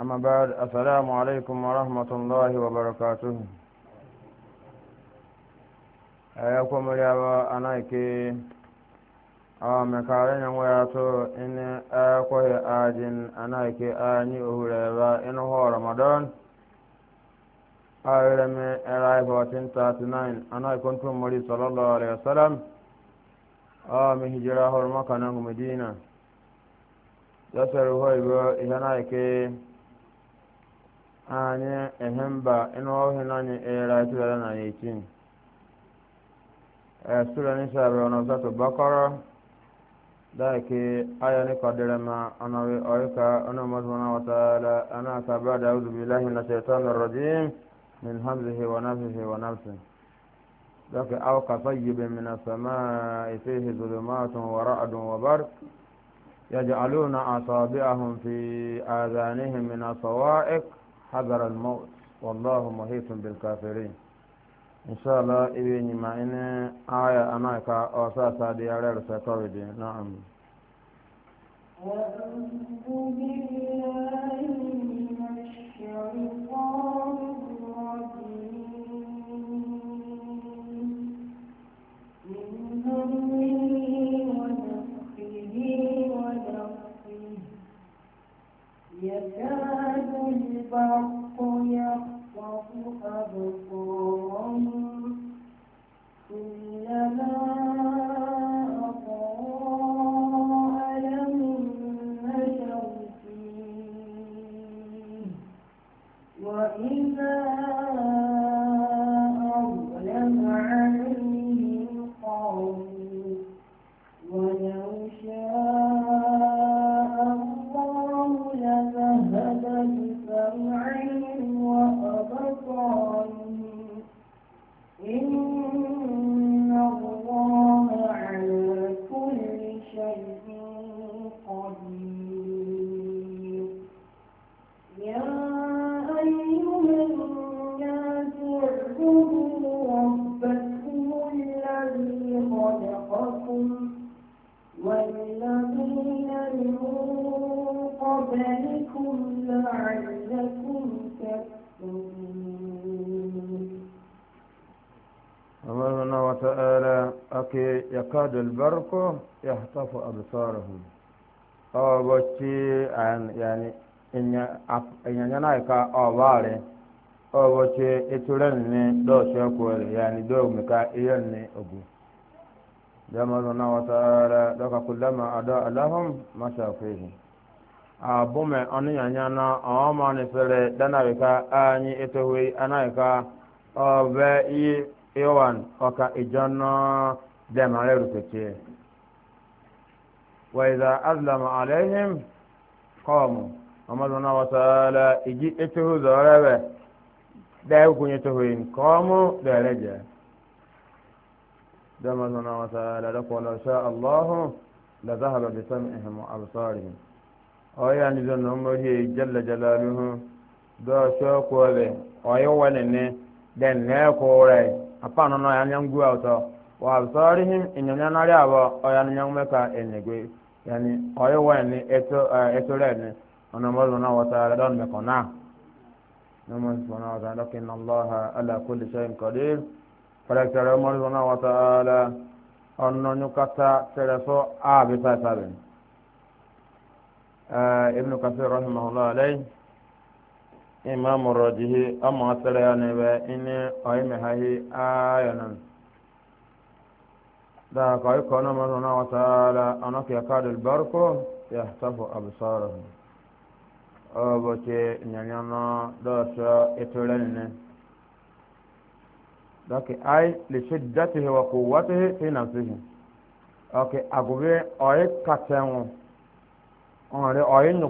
أما بعد السلام عليكم ورحمة الله وبركاته أيكم يا أنايك أما كارين وياتو إن أكوه آجن أنايك آني أهلوا إن هو رمضان أعلمي إلهي 1439 أنايك كنتم مريد صلى الله عليه وسلم أمي هجراه المكان مدينة يسأل هو إهنايك anyị ehemba ịnụ ọhịa n'anyị ịra ịtụlere na eighteen ẹsùrẹ ní sábẹ ọ̀nà ọ̀sàtò bọ́kọ́rọ́ dáìkì ayọ̀ ní kọ́dẹ̀rẹ̀ ma ọ̀nà ọ̀yíká ọ̀nà mọ́tòmọ́nà wọ́tàlá ọ̀nà àkàbà dàwùdù bíi láhìn náà ṣètò ọ̀nà rọ̀dín min hamzihi wa nafsihi wa nafsi dọ́kì aw kàfà yìí min asàmà ìfihì zulumatun wa ra'dun wa barq yaj'aluna asabi'ahum fi adhanihim min asawa'iq حذر الموت والله محيط بالكافرين إن شاء الله إبني ما إن آية أنا دي ديارة سكويدي نعم وأعوذ بالله من الشيطان قبلكم لعلكم تتقون الله سبحانه وتعالى أكي يكاد البرق يهتف أبصارهم أو بشي يعني إن ينايكا أو بالي أو بشي إتولني دو شاكول يعني دو مكا إياني أبو جمال الله تعالى لك كلما أداء لهم مشى فيهم abume onu nyanya na ọma ni fere dana bika anyi etowe anaika ọbẹ yi iwan ọka ijanna demare rukuce wa idha azlama alaihim qamu amadu na wasala iji etowe zorebe da ya kunye towe qamu da reje da mazuna wasala da kwallo sha Allahu la zahaba bi sam'ihim wa absarihim oya ni zon no mo he jalla jalaluhu do so ko le oyo wane ne den ne ko re apa no no yan gu auto wa absarihim inna na ri abo oya ni yan meka enegwe yani oyo wane eto eto e re ne ona mo na wa ta don me kona nomo na wa ta'ala inna allaha ala kulli shay'in qadir fara tara mo na wa ta'ala onno nyukata tere so abita sabe ibn kasir rahimahullah alayhi imam rajihi amma asala ya ne ba ine oyi me hahi ayanan da ka yi kona mana na wata ala ana fi akadul barko ya tafu absarahu obo ke nyanyana da sa itulen ne daki ai li shiddatihi wa quwwatihi fi nafsihi okay agube oyi katenwo 哦，这奥运会。